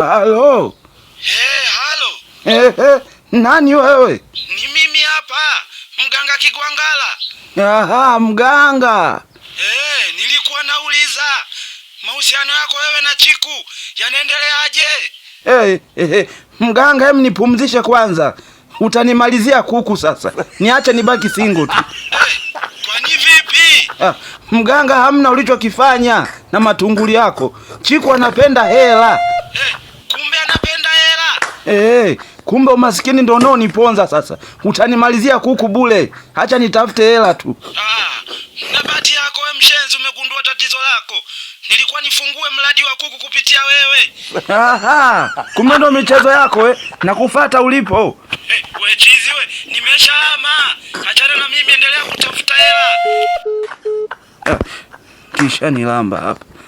Halo. Eh, halo. Eh, eh, nani wewe? Ni mimi hapa, Mganga Kigwangala. Aha, mganga. Eh, nilikuwa nauliza mahusiano yako wewe na Chiku yanaendeleaje? Eh, eh, eh mganga hem nipumzishe kwanza. Utanimalizia kuku sasa. Niache nibaki single tu. Eh, kwani vipi? Ah, mganga hamna ulichokifanya na matunguli yako. Chiku anapenda hela. Eh hey, kumbe umasikini ndio unaoniponza sasa. Utanimalizia kuku bule, hacha nitafute hela tu. Ah, na bahati yako wewe mshenzi, umegundua tatizo lako. Nilikuwa nifungue mradi wa kuku kupitia wewe. Aha, kumbe ndio michezo yako eh? Nakufuata ulipo. Hey, wewe chizi wewe, nimeshahama. Achana na mimi, endelea kutafuta hela. Ah, kisha nilamba hapa.